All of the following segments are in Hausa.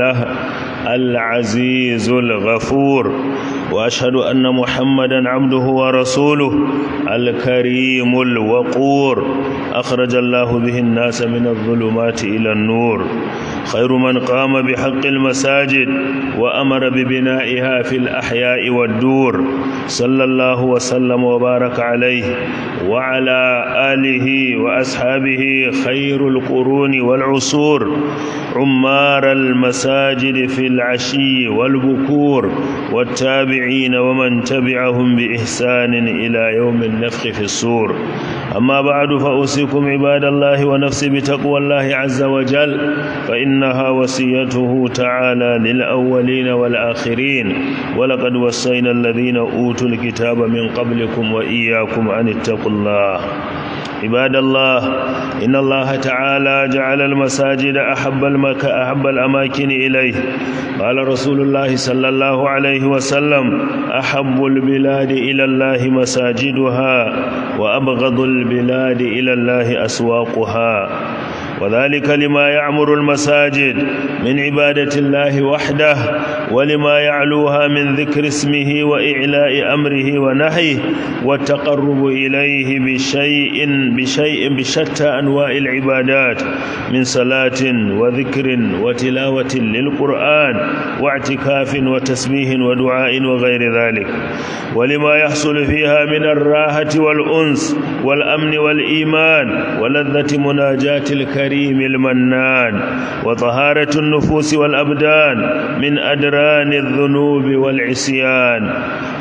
الله العزيز الغفور وأشهد أن محمدا عبده ورسوله الكريم الوقور أخرج الله به الناس من الظلمات إلى النور خير من قام بحق المساجد وأمر ببنائها في الأحياء والدور صلى الله وسلم وبارك عليه وعلى آله وأصحابه خير القرون والعصور عمار المساجد في العشي والبكور والتابعين ومن تبعهم بإحسان إلى يوم النفخ في الصور أما بعد فأوصيكم عباد الله ونفسي بتقوى الله عز وجل فإن فإنها وصيته تعالى للأولين والآخرين ولقد وصينا الذين أوتوا الكتاب من قبلكم وإياكم أن اتقوا الله عباد الله إن الله تعالى جعل المساجد أحب المك أحب الأماكن إليه قال رسول الله صلى الله عليه وسلم أحب البلاد إلى الله مساجدها وأبغض البلاد إلى الله أسواقها وذلك لما يعمر المساجد من عبادة الله وحده ولما يعلوها من ذكر اسمه وإعلاء أمره ونهيه والتقرب إليه بشيء بشيء بشتى أنواع العبادات من صلاة وذكر وتلاوة للقرآن واعتكاف وتسبيح ودعاء وغير ذلك ولما يحصل فيها من الراحة والأنس والأمن والإيمان ولذة مناجاة الكريم الكريم المنان وطهارة النفوس والأبدان من أدران الذنوب والعصيان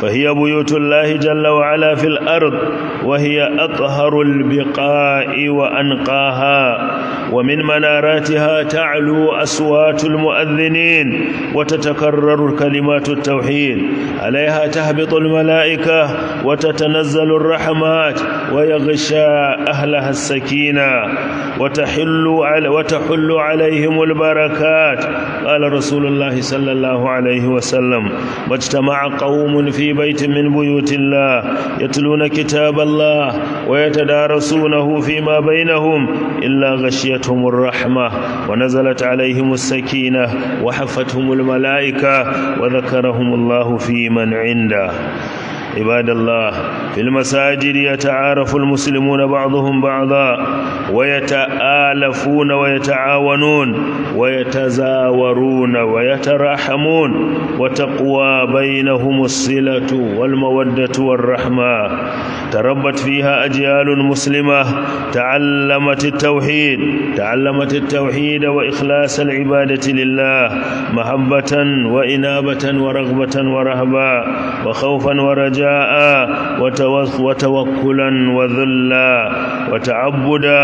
فهي بيوت الله جل وعلا في الأرض وهي أطهر البقاء وأنقاها ومن مناراتها تعلو أصوات المؤذنين وتتكرر كلمات التوحيد عليها تهبط الملائكة وتتنزل الرحمات ويغشى أهلها السكينة وتحل وتحل على وتحل عليهم البركات قال رسول الله صلى الله عليه وسلم واجتمع قوم في بيت من بيوت الله يتلون كتاب الله ويتدارسونه فيما بينهم إلا غشيتهم الرحمة ونزلت عليهم السكينة وحفتهم الملائكة وذكرهم الله في من عنده عباد الله في المساجد يتعارف المسلمون بعضهم بعضا ويتآلفون ويتعاونون ويتزاورون ويتراحمون وتقوى بينهم الصلة والمودة والرحمة تربت فيها أجيال مسلمة تعلمت التوحيد تعلمت التوحيد وإخلاص العبادة لله محبة وإنابة ورغبة ورهبة وخوفا ورجاء وتوكلا وذلا وتعبدا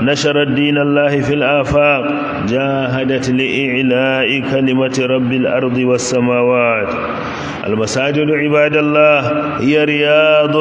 نشر الدين الله في الآفاق جاهدت لإعلاء كلمة رب الأرض والسماوات المساجد عباد الله هي رياض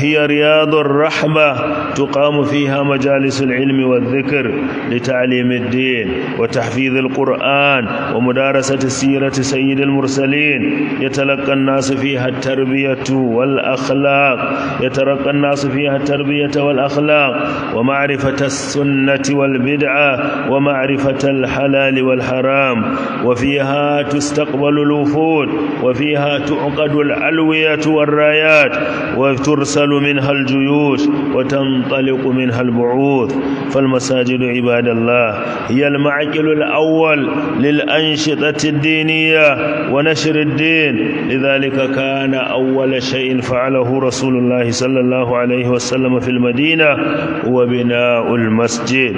هي رياض الرحمة تقام فيها مجالس العلم والذكر لتعليم الدين وتحفيظ القرآن ومدارسة سيرة سيد المرسلين يتلقى الناس فيها التربية والأخلاق يترقى الناس فيها التربية والأخلاق ومعرفة السنة والبدعة ومعرفة الحلال والحرام وفيها تستقبل الوفود وفيها تعقد العلوية والرايات وترسل منها الجيوش وتنطلق منها البعوث فالمساجد عباد الله هي المعقل الأول للأنشطة الدينية ونشر الدين لذلك كان أول أول شيء فعله رسول الله صلى الله عليه وسلم في المدينة هو بناء المسجد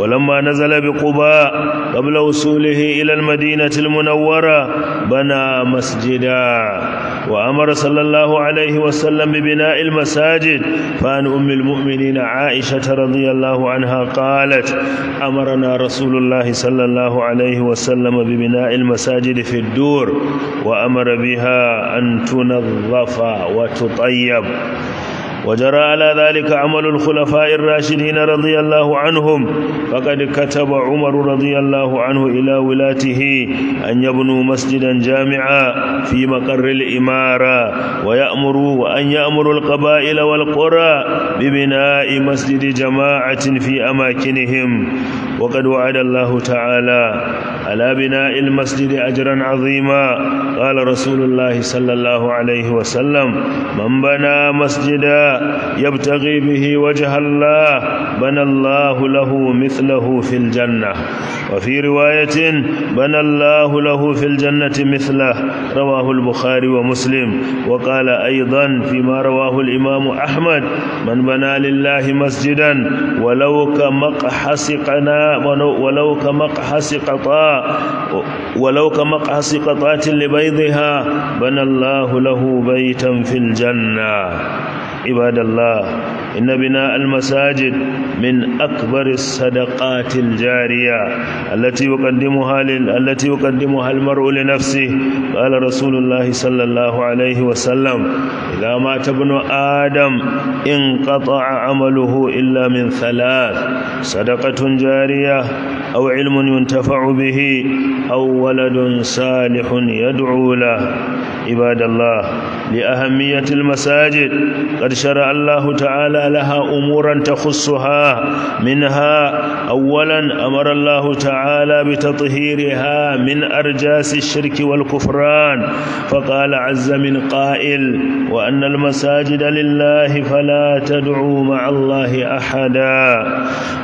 ولما نزل بقباء قبل وصوله إلى المدينة المنورة بنى مسجدا وأمر صلى الله عليه وسلم ببناء المساجد فعن أم المؤمنين عائشة رضي الله عنها قالت أمرنا رسول الله صلى الله عليه وسلم ببناء المساجد في الدور وأمر بها أن تنظم ينظف وتطيب وجرى على ذلك عمل الخلفاء الراشدين رضي الله عنهم فقد كتب عمر رضي الله عنه إلى ولاته أن يبنوا مسجدا جامعا في مقر الإمارة ويأمروا وأن يأمروا القبائل والقرى ببناء مسجد جماعة في أماكنهم وقد وعد الله تعالى على بناء المسجد أجرا عظيما قال رسول الله صلى الله عليه وسلم من بنى مسجدا يبتغي به وجه الله بنى الله له مثله في الجنة وفي رواية بنى الله له في الجنة مثله رواه البخاري ومسلم وقال أيضا فيما رواه الإمام أحمد من بنى لله مسجدا ولو كمقحص قناة ولو كمقحص قطاء ولو كمقحص قطاة لبيضها بنى الله له بيتا في الجنة عباد الله إن بناء المساجد من أكبر الصدقات الجارية التي يقدمها لل... التي يقدمها المرء لنفسه قال رسول الله صلى الله عليه وسلم إذا مات ابن آدم انقطع عمله إلا من ثلاث صدقة جارية أو علم ينتفع به أو ولد صالح يدعو له عباد الله لأهمية المساجد قد شرع الله تعالى لها أمورا تخصها منها أولا أمر الله تعالى بتطهيرها من أرجاس الشرك والكفران فقال عز من قائل وأن المساجد لله فلا تدعوا مع الله أحدا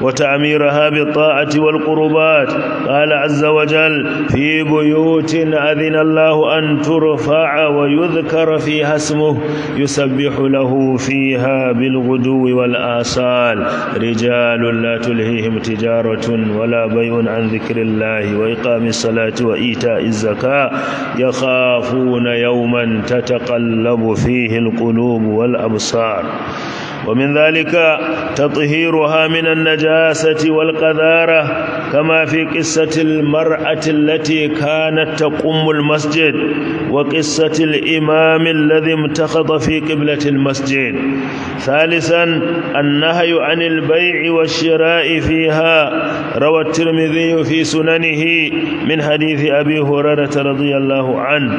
وتعميرها بالطاعة والقربات قال عز وجل في بيوت أذن الله أن ترفع ويذكر فيها اسمه يسبح له فيها بالغدو والآصال رجال لا تلهيهم تجارة ولا بيع عن ذكر الله وإقام الصلاة وإيتاء الزكاة يخافون يوما تتقلب فيه القلوب والأبصار ومن ذلك تطهيرها من النجاسة والقذارة كما في قصة المرأة التي كانت تقوم المسجد وقصة الإمام الذي امتخض في قبلة المسجد ثالثا النهي عن البيع والشراء فيها روى الترمذي في سننه من حديث أبي هريرة رضي الله عنه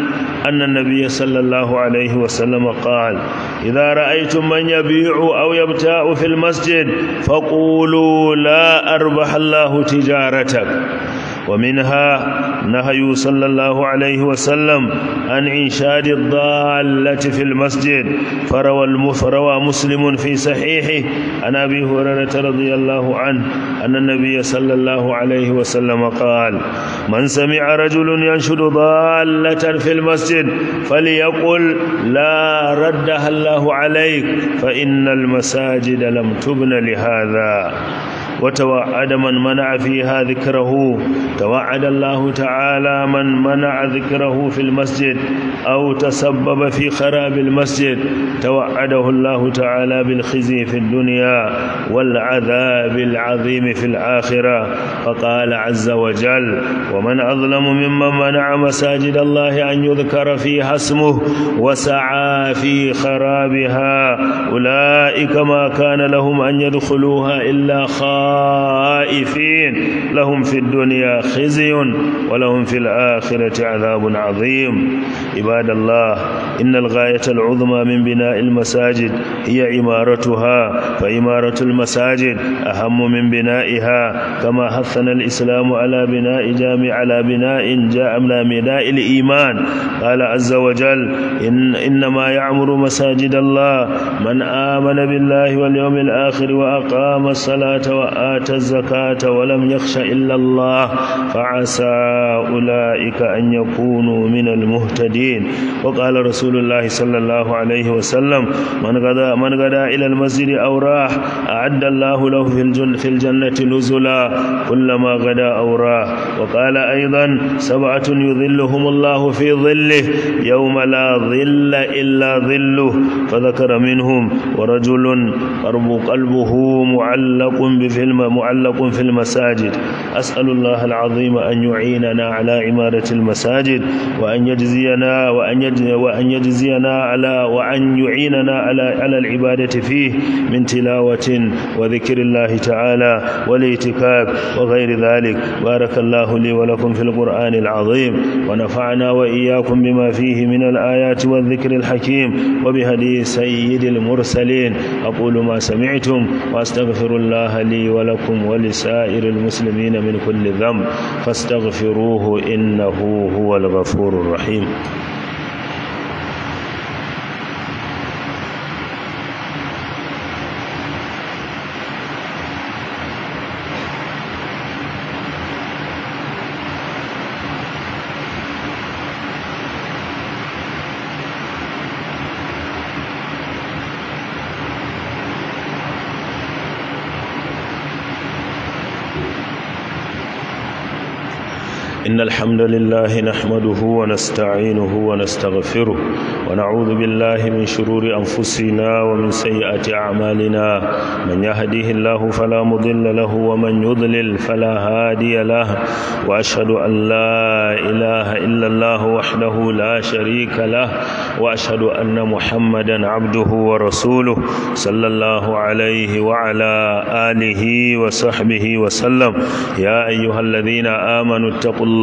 أن النبي صلى الله عليه وسلم قال إذا رأيتم من يبيع أو يبتاء في المسجد فقولوا لا أربح الله تجارتك ومنها نهي صلى الله عليه وسلم عن إنشاد الضالة في المسجد فروى المفروى مسلم في صحيحه عن أبي هريرة رضي الله عنه أن النبي صلى الله عليه وسلم قال من سمع رجل ينشد ضالة في المسجد فليقل لا ردها الله عليك فإن المساجد لم تبن لهذا وتوعد من منع فيها ذكره توعد الله تعالى من منع ذكره في المسجد أو تسبب في خراب المسجد توعده الله تعالى بالخزي في الدنيا والعذاب العظيم في الآخرة فقال عز وجل ومن أظلم ممن منع مساجد الله أن يذكر فيها اسمه وسعى في خرابها أولئك ما كان لهم أن يدخلوها إلا خاص خائفين لهم في الدنيا خزي ولهم في الآخرة عذاب عظيم عباد الله إن الغاية العظمى من بناء المساجد هي إمارتها فإمارة المساجد أهم من بنائها كما حثنا الإسلام على بناء جامع على بناء جاء من بناء الإيمان قال عز وجل إن إنما يعمر مساجد الله من آمن بالله واليوم الآخر وأقام الصلاة وأ آتى الزكاة ولم يخش إلا الله فعسى أولئك أن يكونوا من المهتدين وقال رسول الله صلى الله عليه وسلم من غدا من غدا إلى المسجد أو راح أعد الله له في الجنة في الجنة نزلا كلما غدا أو راح وقال أيضا سبعة يظلهم الله في ظله يوم لا ظل إلا ظله فذكر منهم ورجل قلبه معلق بفعله العلم معلق في المساجد أسأل الله العظيم أن يعيننا على عمارة المساجد وأن يجزينا وأن يجزي وأن يجزينا على وأن يعيننا على على العبادة فيه من تلاوة وذكر الله تعالى والاعتكاف وغير ذلك بارك الله لي ولكم في القرآن العظيم ونفعنا وإياكم بما فيه من الآيات والذكر الحكيم وبهدي سيد المرسلين أقول ما سمعتم وأستغفر الله لي ولكم ولسائر المسلمين من كل ذنب فاستغفروه إنه هو الغفور الرحيم إن الحمد لله نحمده ونستعينه ونستغفره ونعوذ بالله من شرور أنفسنا ومن سيئات أعمالنا من يهديه الله فلا مضل له ومن يضلل فلا هادي له وأشهد أن لا إله إلا الله وحده لا شريك له وأشهد أن محمدا عبده ورسوله صلى الله عليه وعلى آله وصحبه وسلم يا أيها الذين آمنوا اتقوا الله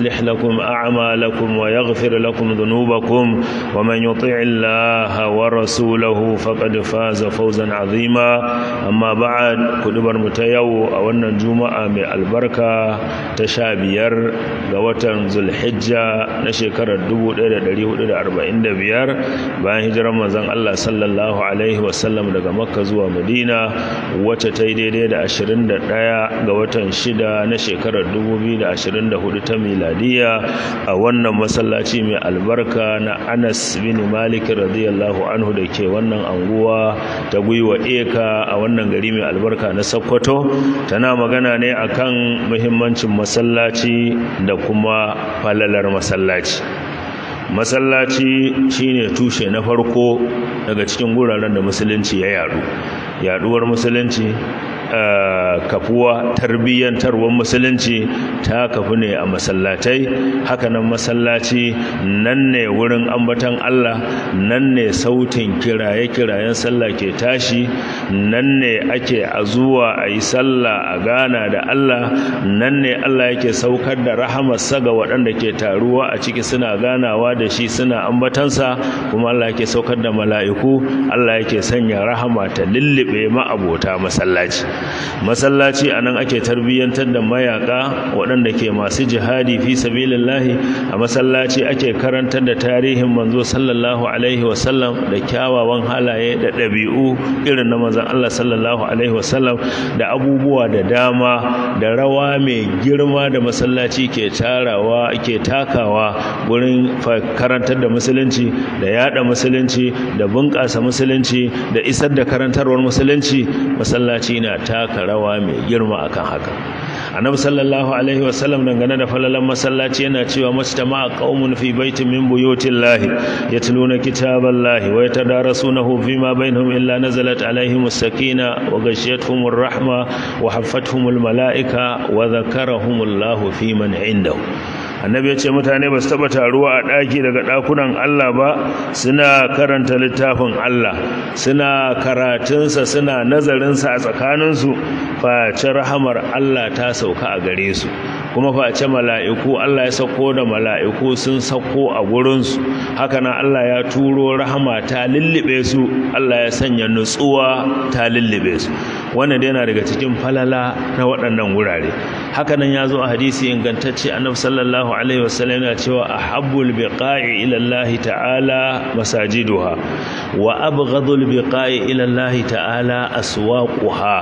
يصلح لكم أعمالكم ويغفر لكم ذنوبكم ومن يطع الله ورسوله فقد فاز فوزا عظيما أما بعد كدبر متيو أو أن الجمعة من البركة تشابير غوتن ذو الحجة نشكر الدبو إلى دليو إلى أربعين دبير بان هجر رمضان الله صلى الله عليه وسلم daga Makka zuwa Madina wacce ta yi daidai da 21 ga watan 6 na shekarar 2024 ta miladiya al a wannan masallaci mai albarka na Anas bin Malik radiyallahu anhu da ke wannan anguwa ta gwiwa eka a wannan gari mai albarka na Sokoto tana magana ne akan muhimmancin masallaci da kuma falalar masallaci masallaci shine tushe na farko daga cikin guraren da musulunci ya yadu yaduwar musulunci Eh, kafuwa tarbiyyantarwar musulunci ta kafu ne a masallatai hakanan masallaci nan ne wurin ambatan Allah nan ne sautin kiraye-kirayen sallah ke tashi nan ne ake a zuwa a yi sallah a gana da Allah nan ne Allah yake saukar da rahamarsa ga waɗanda ke taruwa a ciki suna ganawa da shi suna ambatansa kuma Allah yake saukar da mala'iku Allah yake sanya rahama ta lullube ma'abota masallaci masallaci anan ake tarbiyyantar da mayaka waɗanda ke masu jihadi fi sabilillahi a masallaci ake karantar da tarihin manzo sallallahu alaihi wasallam da kyawawan halaye da ɗabi'u irin na manzon Allah sallallahu alaihi wasallam da abubuwa da dama da rawa mai girma da masallaci ke tarawa ke takawa gurin karantar da musulunci da yada musulunci da bunƙasa musulunci da isar da karantarwar musulunci masallaci na taka rawa mai girma akan haka annabi sallallahu alaihi sallam, dangane da falalan masallaci yana cewa mastama'a qaumun fi baitin min buyutillahi yatluna kitaballahi wa yatadarasunahu fima bainahum illa nazalat alaihim as-sakina wa ghashiyatuhum rahma wa haffathum al-mala'ika wa dhakarahum Allahu fi man 'indahu annabi ya ce mutane ba su taɓa taruwa a ɗaki daga ɗakunan Allah ba suna karanta littafin Allah suna karatunsa suna nazarinsa a tsakaninsu face rahamar Allah ta sauka a gare su kuma face mala'iku Allah ya sako da mala'iku sun sako a gurinsu hakanan Allah ya turo rahama ta lullube su Allah ya sanya nutsuwa ta lullube su wannan dai yana daga cikin falala na waɗannan wurare hakanan ya zo a hadisi ingantacce annabi sallallahu alaihi wasallam yana cewa ahabbul biqa'i ila Allah ta'ala masajiduha wa abghadul biqa'i ila Allah ta'ala aswaquha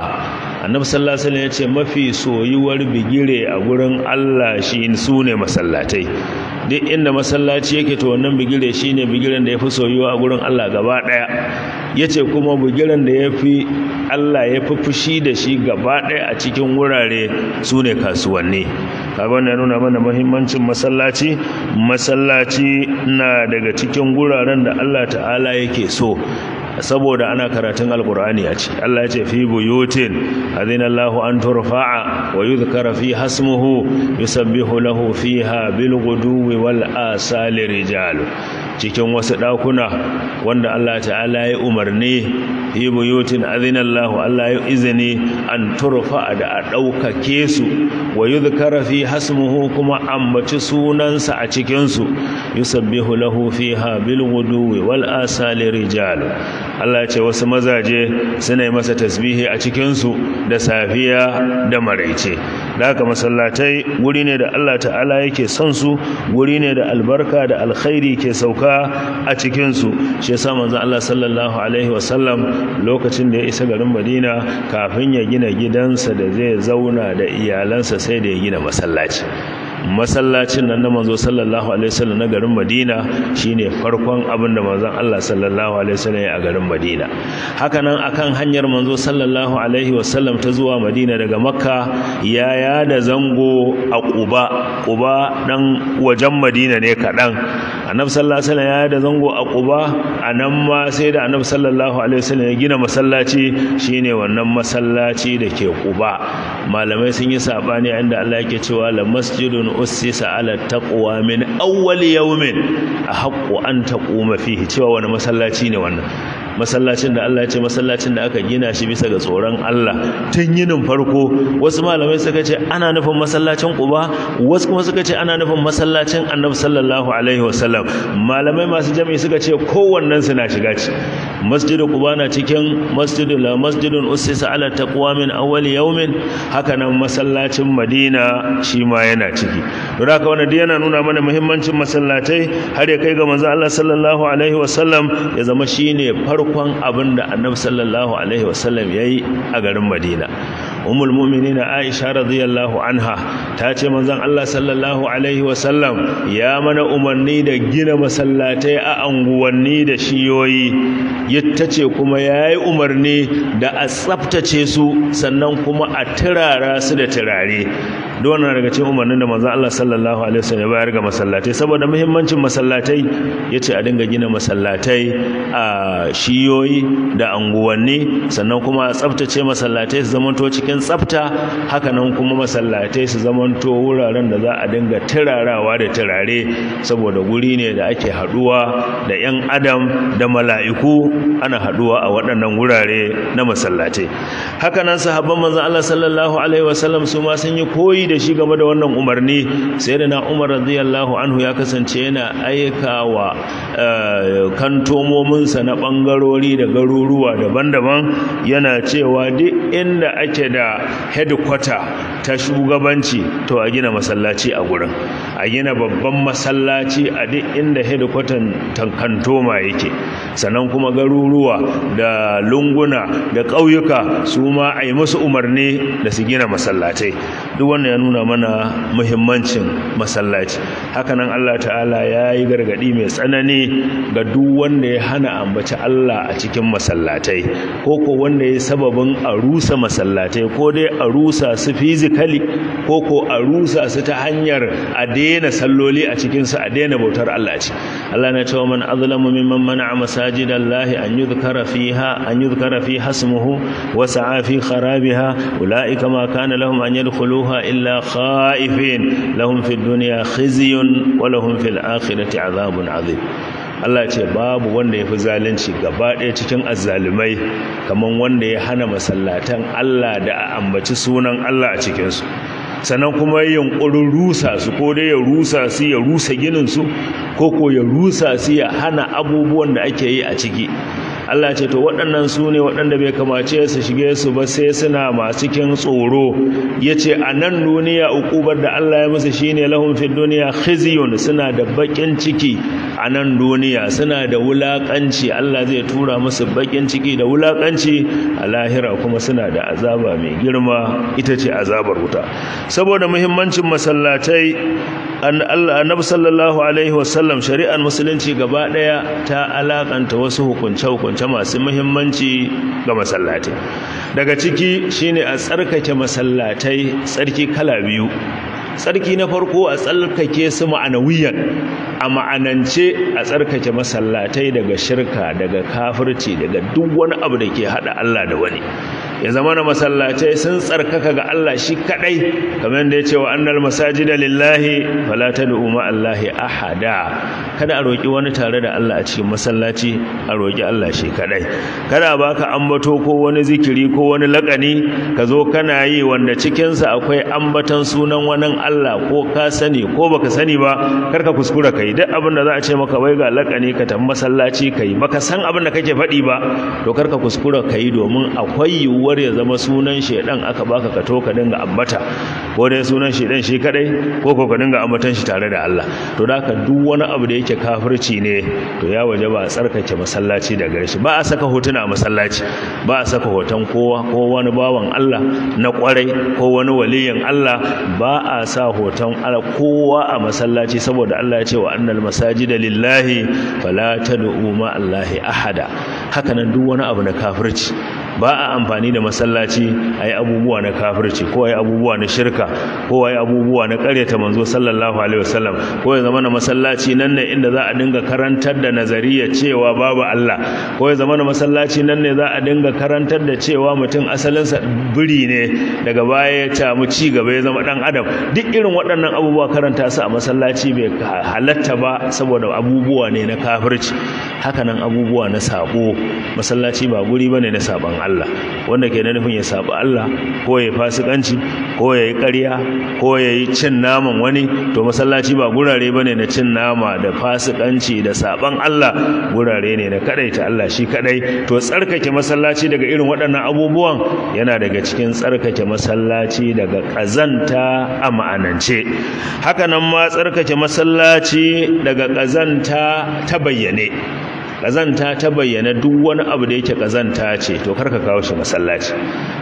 annabi sallallahu alaihi wasallam ya ce mafi soyuwar bigire a gurin Allah shi su ne masallatai duk inda masallaci yake to wannan bigire shine bigiren da yafi soyuwa a gurin Allah gaba daya yace kuma bigiren da yafi Allah ya fi fushi da shi gaba daya a cikin wurare sune ne kasuwanni kaga wannan nuna mana muhimmancin masallaci masallaci na daga cikin guraren da Allah ta'ala yake so saboda ana karatun alkur'ani a ce Allah ya ce fi buyutin adina Allahu an turfa'a wa yuzkara fi hasmuhu yusabbihu lahu fiha bil ghuduwi wal asali rijalu cikin wasu ɗakuna wanda Allah ta'ala ya umarni yi buyutin azinallahu Allah ya izini an turfa da a ɗaukake su wa yudhkara fi hasmuhu kuma ambaci sunansa a cikinsu su yusabbihu lahu fiha bil ghuduwi wal asali rijal Allah ce wasu mazaje suna yi masa tasbihi a cikinsu da safiya da maraice da haka masallatai guri ne da Allah ta'ala yake son su guri ne da albarka da alkhairi ke sauka kuka a cikinsu shi yasa manzon Allah sallallahu alaihi wasallam lokacin da ya isa garin Madina kafin ya gina gidansa da zai zauna da iyalansa sai da ya gina masallaci masallacin nan na manzo sallallahu alaihi wasallam na garin Madina shine farkon abin da manzon Allah sallallahu alaihi wasallam ya a garin Madina haka nan akan hanyar manzo sallallahu alaihi wasallam ta zuwa Madina daga Makka ya yada zango a Quba Quba dan wajen Madina ne kadan annabi sallallahu alaihi wasallam ya da zango a Quba anan ma sai da annabi sallallahu alaihi wasallam ya gina masallaci shine wannan masallaci da ke Quba malamai sun yi sabani inda Allah yake cewa la masjidun ussisa ala taqwa min awwal yawmin ahaqqu an taquma fihi cewa wani masallaci ne wannan masallacin da Allah ya ce masallacin da aka gina shi bisa ga tsoron Allah tun yinin farko wasu malamai suka ce ana nufin masallacin Quba wasu kuma suka ce ana nufin masallacin Annabi sallallahu alaihi wasallam malamai masu jami'i suka ce kowannen su na shiga ci masjidu Quba na cikin masjidu la masjidun ussisa ala taqwa min awwal yawmin haka nan masallacin Madina shi ma yana ciki don haka wannan yana nuna mana muhimmancin masallatai har ya kai ga manzo Allah sallallahu alaihi wasallam ya zama shine farko farkon abin da annabi sallallahu alaihi wasallam ya yi a garin madina umul aisha radiyallahu anha ta ce manzon Allah sallallahu alaihi wasallam ya mana umarni da gina masallatai a anguwanni da shiyoyi ce kuma yayi umarni da a tsaftace su sannan kuma a turara su da turare duk wannan daga cikin umarnin da manzon Allah sallallahu alaihi wasallam ya bayar ga masallatai saboda muhimmancin masallatai yace a dinga gina masallatai a shiyoyi da anguwanni sannan kuma a tsaftace masallatai su zamanto cikin tsafta haka nan kuma masallatai su zamanto wuraren da za a dinga turarawa da turare saboda guri ne da ake haduwa da 'yan adam da mala'iku ana haduwa a waɗannan wurare na masallatai haka nan sahabban manzon Allah sallallahu alaihi wasallam su ma sun yi koyi da shi game da wannan umarni sai na Umar radiyallahu anhu ya kasance yana aika aikawa eh, kantomominsa na bangarori da garuruwa daban-daban yana cewa duk inda ake da headquarter ta shugabanci to a gina masallaci a gurin a gina babban masallaci a duk inda headquarter tankantoma yake sannan kuma garuruwa da lunguna da ƙauyuka su ma a yi musu umarni da su gina masallatai duk wannan nuna mana muhimmancin masallaci hakanan Allah ta'ala ya yi gargadi mai tsanani ga duk wanda ya hana ambaci Allah a cikin masallatai ko ko wanda ya sababin a rusa masallatai ko dai a rusa su fizikali ko ko a rusa su ta hanyar a daina salloli a cikinsu a daina bautar Allah Allah na cewa man azlamu mimman mana'a masajidallahi an yudhkara fiha an yudhkara fi hasmuhu wa sa'a fi kharabiha ulaika ma kana lahum an yadkhuluha illa khaifin lahum fid dunya khizyun wa lahum fil akhirati azabun azim Allah ce babu wanda ya fi zalunci gaba ɗaya cikin azzalumai kamar wanda ya hana masallatan Allah da a ambaci sunan Allah a cikinsu sannan kuma yunkurin rusa su ko dai ya rusa su ya rusa ginin su ko ko ya rusa su ya hana abubuwan da ake yi a ciki Allah ce to waɗannan su ne waɗanda bai kamace su shige su ba sai suna masu kin tsoro yace a nan duniya ukubar da Allah ya musu shine lahum fid dunya khizyun suna da bakin ciki a nan duniya suna da wulakanci Allah zai tura musu bakin ciki da wulakanci a lahira kuma suna da azaba mai girma ita ce azabar wuta saboda muhimmancin masallatai annabi sallallahu alaihi wasallam shari'ar musulunci gaba daya ta alakanta wasu hukunce-hukunce masu muhimmanci ga masallatai daga ciki shine a tsarkake masallatai tsarki kala biyu tsarki na farko a tsarkake su ma'anawiyan a ma'anance a tsarkake masallatai daga shirka daga kafirci daga duk wani abu da ke hada Allah da wani ya zama na masallatai sun tsarkaka ga Allah shi kaɗai, kamar da ya ce wa annal masajida lillahi fala tad'u ma Allahi ahada kada a roki wani tare da Allah a cikin masallaci a roki Allah shi kaɗai. kada baka ambato ko wani zikiri ko wani lakani ka zo kana yi wanda cikin sa akwai ambatan sunan wani Allah ko ka sani ko baka sani ba kar ka kuskura kai duk abin da za a ce maka wai ga lakani ka tambayi masallaci kai baka san abin da kake faɗi ba to kar ka kuskura kai domin akwai yiwuwa yiwuwar ya zama sunan shedan aka baka ka to ka dinga ambata ko dai sunan shedan shi kadai ko ko ka dinga ambatan shi tare da Allah to da ka duk wani abu da yake kafirci ne to ya waje ba a tsarkake masallaci da gare shi ba a saka hotuna a masallaci ba a saka hoton kowa ko wani bawan Allah na kwarai ko wani waliyin Allah ba a sa hoton kowa a masallaci saboda Allah ya ce wa annal masajida lillahi fala tad'u ma Allahi ahada haka nan duk wani abu na kafirci ba a amfani da masallaci ayi abubuwa na kafirci ko a abubuwa na shirka ko a abubuwa na karyata manzo sallallahu alaihi wasallam ko ya zama na masallaci nan ne inda za a dinga karantar da nazariya cewa babu Allah ko ya zama na masallaci nan ne za a dinga karantar da cewa mutum asalinsa biri ne daga baya ya tamu ci gaba ya zama dan adam duk irin waɗannan abubuwa karanta su a masallaci bai halatta ba saboda abubuwa ne na kafirci hakanan abubuwa na sabo masallaci ba guri bane na saban Allah Allah wanda ke da nufin ya saba Allah ko ya fasikanci ko ya yi ƙarya ko ya yi cin naman wani to masallaci ba gurare ba ne na cin nama da fasikanci da saɓan Allah gurare ne na kaɗaita Allah shi kaɗai to tsarkake masallaci daga irin waɗannan abubuwan yana daga cikin tsarkake masallaci daga ƙazanta a ma'anance hakanan ma tsarkake masallaci daga ƙazanta ta bayyane Ƙazanta ta bayyana duk wani abu da yake ƙazanta ce to karka kawo shi masallaci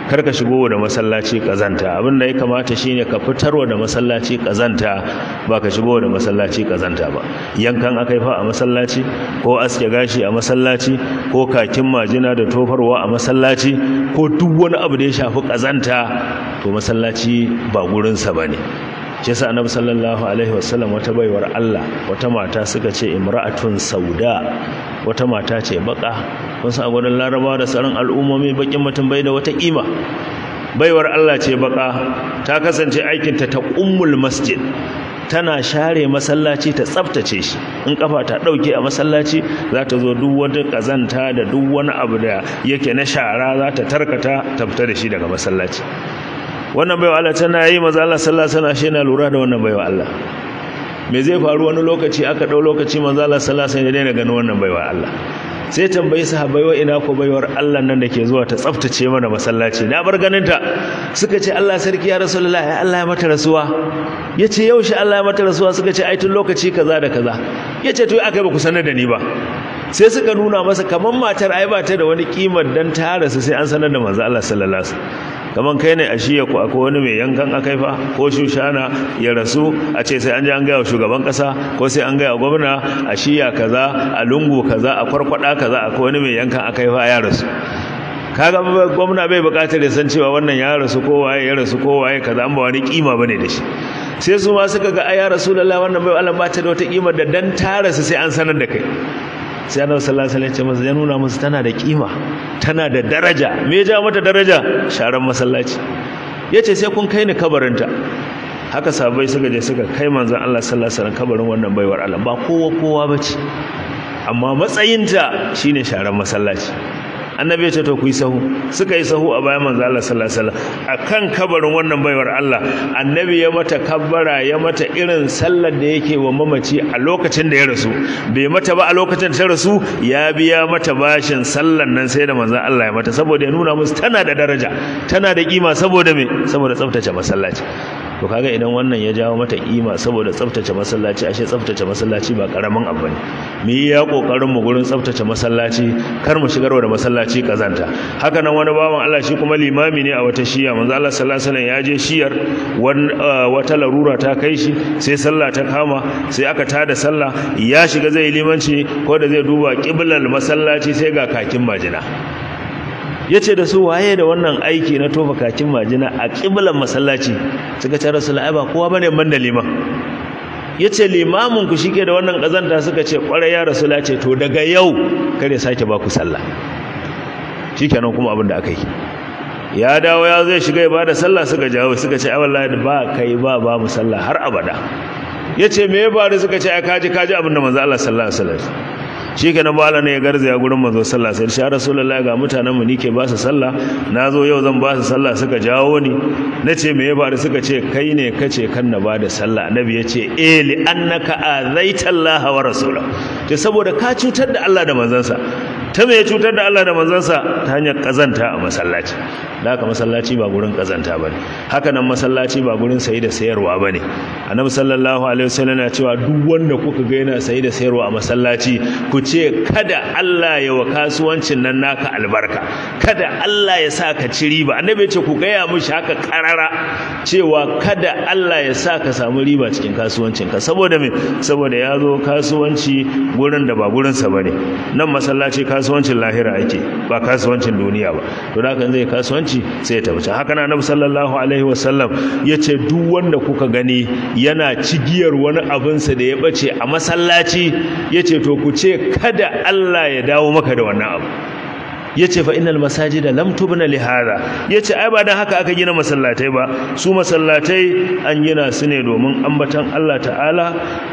karka shigo da masallaci kazanta abin da ya kamata shine ka fitarwa da masallaci kazanta ba ka shigo da masallaci kazanta ba yankan akai fa a masallaci ko aske gashi a masallaci ko kakin majina da tofarwa a masallaci ko duk wani abu da ya shafi ƙazanta to masallaci ba gurinsa ne. shi yasa annabi sallallahu alaihi wasallam wata baiwar Allah wata mata suka ce imra'atun sauda wata mata ce baka kun san gudan laraba larabawa da sauran al'ummomi bakin mutum bai da wata kima baiwar Allah ce baka ta kasance aikin ta ta ummul masjid tana share masallaci ta tsaftace shi in kafa ta dauke a masallaci za ta zo duk wata kazanta da duk wani abu da yake na shara za ta tarkata ta fita da shi daga masallaci wannan baiwa Allah tana yi maza Allah sallallahu alaihi wasallam shi na lura da wannan baiwa Allah me zai faru wani lokaci aka dau lokaci maza Allah sallallahu alaihi wasallam ya daina ganin wannan baiwa Allah sai tambayi sahabbai wa ina ko baiwar Allah nan da ke zuwa ta tsaftace mana masallaci na bar ganinta suka ce Allah sarki ya rasulullahi Allah ya mata rasuwa yace yaushe Allah ya mata rasuwa suka ce ai tun lokaci kaza da kaza yace to akai ba ku sanar da ni ba sai suka nuna masa kamar matar ai ba ta da wani kimar dan ta rasu sai an sanar da manzo Allah sallallahu alaihi wasallam kamar kai ne a shiya ku akwai wani mai yankan a kaifa? ko shushana ya rasu a ce sai an ji an gaya wa shugaban kasa ko sai an gaya wa gwamna a shiya kaza a lungu kaza a kwarkwada kaza akwai wani mai yankan a kaifa ya rasu kaga gwamna bai bukatar ya san cewa wannan ya rasu ko waye ya rasu ko waye kaza an ba wani kima bane da shi sai su ma suka ga ya rasulullahi wannan bai Allah ba ta da wata kima da dan tarasu sai an sanar da kai sai annabi sallallahu alaihi wasallam ya masa ya nuna musu tana da kima tana da daraja me ya mata daraja sharan masallaci yace sai kun kai ni kabarinta haka sabai suka je suka kai manzon Allah sallallahu alaihi wasallam kabarin wannan baiwar Allah ba kowa kowa bace amma matsayinta shine sharan masallaci annabi ya ce to ku yi sahu suka yi sahu a bayan manzo Allah sallallahu alaihi wasallam akan kabarin wannan baiwar Allah annabi ya mata kabbara ya mata irin sallar da yake wa mamaci a lokacin da ya rasu bai mata ba a lokacin da ta rasu ya biya mata bashin sallar nan sai da manzo Allah ya mata saboda ya nuna musu tana da daraja tana da kima saboda me saboda tsaftace masallaci to kaga idan wannan ya jawo mata kima saboda tsaftace masallaci ashe tsaftace masallaci ba karamin abu ne mu yi ya kokarin mu gurin tsaftace masallaci kar mu shigarwa da masallaci kazanta haka nan wani bawan Allah shi kuma limami ne a wata shiya manzo Allah sallallahu alaihi wasallam ya je shiyar uh, wata larura ta kai shi sai sallah ta kama sai aka tada sallah ya shiga zai limanci ko da zai duba kiblar masallaci sai ga kakin majina Ya ce da su waye da wannan aiki na tofa kakin majina a kiblan masallaci suka ce rasul kowa ba kowa bane ban da liman Ya ce limamin ku ke da wannan kazanta suka ce kwarai ya rasu la'ace to daga yau kare sake ba ku sallah shikenan kuma abin da aka yi ya dawo ya zai shiga ya bada sallah suka jawo suka ce ai wallahi ba kai ba ba mu sallah har abada ce me ya faru suka ce ai kaji kaji abin da manzo Allah sallallahu alaihi wasallam na bala ne ya garzaya gurin mazo sallah sai shi rasulullahi ga mutanen mu nike ba su sallah na zo yau zan ba su sallah suka jawo ni Na ce me ya faru suka ce kai ne ka ce kan na ba da sallah annabi ya ce eh li annaka azaita Allah wa rasulahu to saboda ka cutar da Allah da manzansa ta mai cutar da Allah da manzansa ta hanyar kazanta a masallaci da haka masallaci ba gurin kazanta ba ne. haka nan masallaci ba gurin sayi da sayarwa ba ne. A nan sallallahu alaihi wasallam yAna cewa duk wanda kuka ga yana sayi da sayarwa a masallaci ku ce kada Allah ya wa kasuwancin nan naka albarka kada Allah ya sa ka ci riba annabi ya ce ku gaya mushi haka karara cewa kada Allah ya sa ka samu riba cikin kasuwancin ka saboda me saboda ya zo kasuwanci gurin da ba ba bane nan masallaci kasuwanci kasuwancin lahira ake ba kasuwancin duniya ba to da kan zai kasuwanci sai ya tabbata haka na annabi sallallahu alaihi wasallam yace duk wanda kuka gani yana cigiyar wani abin sa da ya bace a masallaci yace to ku ce kada Allah ya dawo maka da wannan abu yace fa innal masajid lam tubna li hada yace ai ba dan haka aka gina masallatai ba su masallatai an gina su ne domin ambatan Allah ta'ala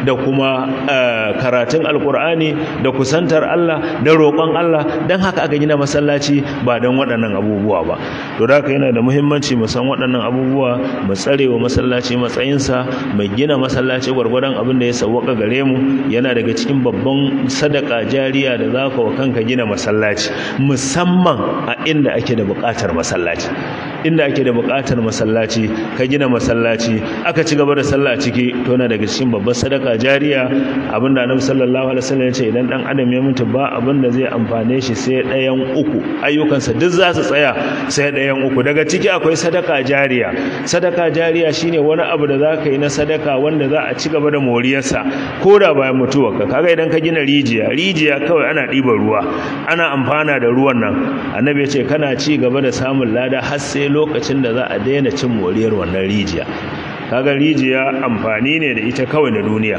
da kuma eh, karatun alqur'ani da kusantar Allah da roƙon Allah dan haka aka gina masallaci ba dan waɗannan abubuwa ba to da haka yana da muhimmanci mu san waɗannan abubuwa mu tsare wa masallaci matsayinsa mu gina masallaci gwargwadon abin da ya sawwaka gare mu yana daga cikin babban sadaka jariya da zaka wa kanka gina masallaci musamman a inda ake da buƙatar masallaci inda ake da buƙatar masallaci ka gina masallaci aka ci gaba da sallah ciki to na daga cikin babbar sadaka jariya abinda annabi sallallahu alaihi wasallam ya ce idan dan adam ya mutu ba abin zai amfane shi sai ɗayan uku ayyukansa duk za su tsaya sai ɗayan uku daga ciki akwai sadaka jariya sadaka jariya shine wani abu da zaka yi na sadaka wanda za a ci gaba da moriyarsa ko da bayan mutuwarka kaga idan ka gina rijiya rijiya kawai ana ɗiban ruwa ana amfana da ruwan nan annabi ya ce kana ci gaba da samun lada har sai lokacin da za a daina cin moriyar wannan rijiya kaga rijiya amfani ne da ita kawai na duniya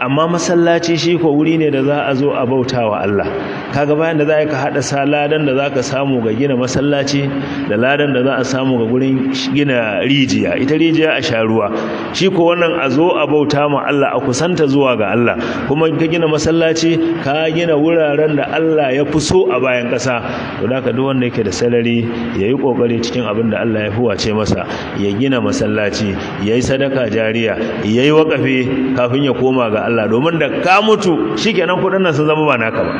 amma masallaci shi ko wuri ne da za a zo a bautawa Allah kaga bayan da za ka hada saladan da zaka samu ga gina masallaci da ladan da za a samu ga gurin gina rijiya ita rijiya a sha ruwa shi ko wannan a zo a bauta ma Allah a kusanta zuwa ga Allah kuma ka gina masallaci ka gina wuraren da Allah ya fi so a bayan kasa to da ka duk wanda yake da salari ya yi ƙoƙari cikin abin da Allah ya huwace masa ya gina masallaci ya yi sadaka jariya ya yi wakafi kafin ya koma ga ga Allah domin da ka mutu shikenan kuɗin nan sun zama ba naka ba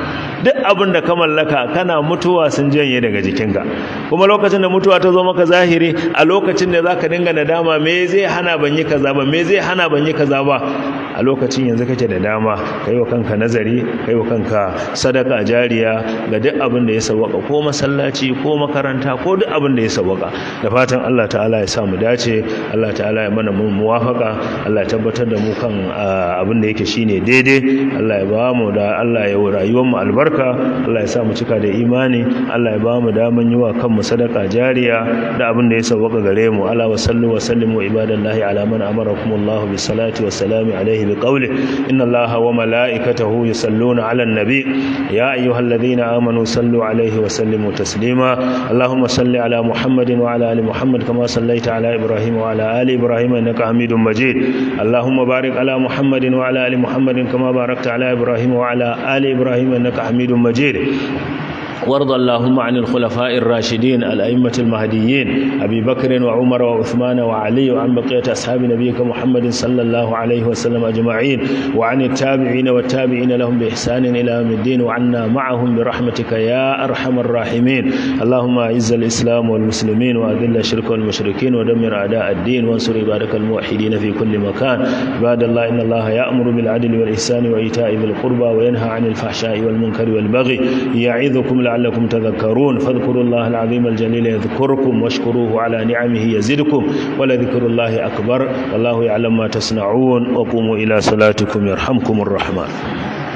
duk abin da ka mallaka kana mutuwa sun janye daga jikinka kuma lokacin da mutuwa ta zo maka zahiri a lokacin da zaka dinga nadama me zai hana ban yi kaza ba me zai hana ban yi kaza ba a lokacin yanzu kake da dama kai wa kanka nazari kai wa kanka sadaka jariya ga duk abin da ya sawaka ko masallaci ko makaranta ko duk abin da ya sawaka da fatan Allah ta'ala ya sa mu dace Allah ta'ala ya mana mu muwafaka Allah ya tabbatar da mu kan ah, abin da da yake shine daidai Allah ya ba mu da Allah ya rayuwar mu albarka Allah ya sa mu cika da imani Allah ya ba mu daman yi wa kanmu sadaka jariya da abin da ya sauka gare mu ala wa sallu wa sallimu ibadallahi ala man amarakum Allah bi salati wa salami alaihi bi qawli inna Allah wa malaikatahu yusalluna ala nabi ya ayyuhalladhina amanu sallu alaihi wa sallimu taslima Allahumma salli ala Muhammadin wa ala ali Muhammad kama sallaita ala Ibrahim wa ala ali Ibrahim innaka Hamidum Majid Allahumma barik ala Muhammadin wa ala ala ali muhammadin kama barakta ala ibrahim wa ala ali ibrahim annaka hamidun majid وارض اللهم عن الخلفاء الراشدين الأئمة المهديين أبي بكر وعمر وعثمان وعلي وعن بقية أصحاب نبيك محمد صلى الله عليه وسلم أجمعين وعن التابعين والتابعين لهم بإحسان إلى يوم الدين وعنا معهم برحمتك يا أرحم الراحمين اللهم أعز الإسلام والمسلمين وأذل الشرك والمشركين ودمر أعداء الدين وانصر عبادك الموحدين في كل مكان عباد الله إن الله يأمر بالعدل والإحسان وإيتاء ذي القربى وينهى عن الفحشاء والمنكر والبغي يعظكم لعلكم لعلكم تذكرون فاذكروا الله العظيم الجليل يذكركم واشكروه على نعمه يزدكم ولذكر الله أكبر والله يعلم ما تصنعون وقوموا إلى صلاتكم يرحمكم الرحمن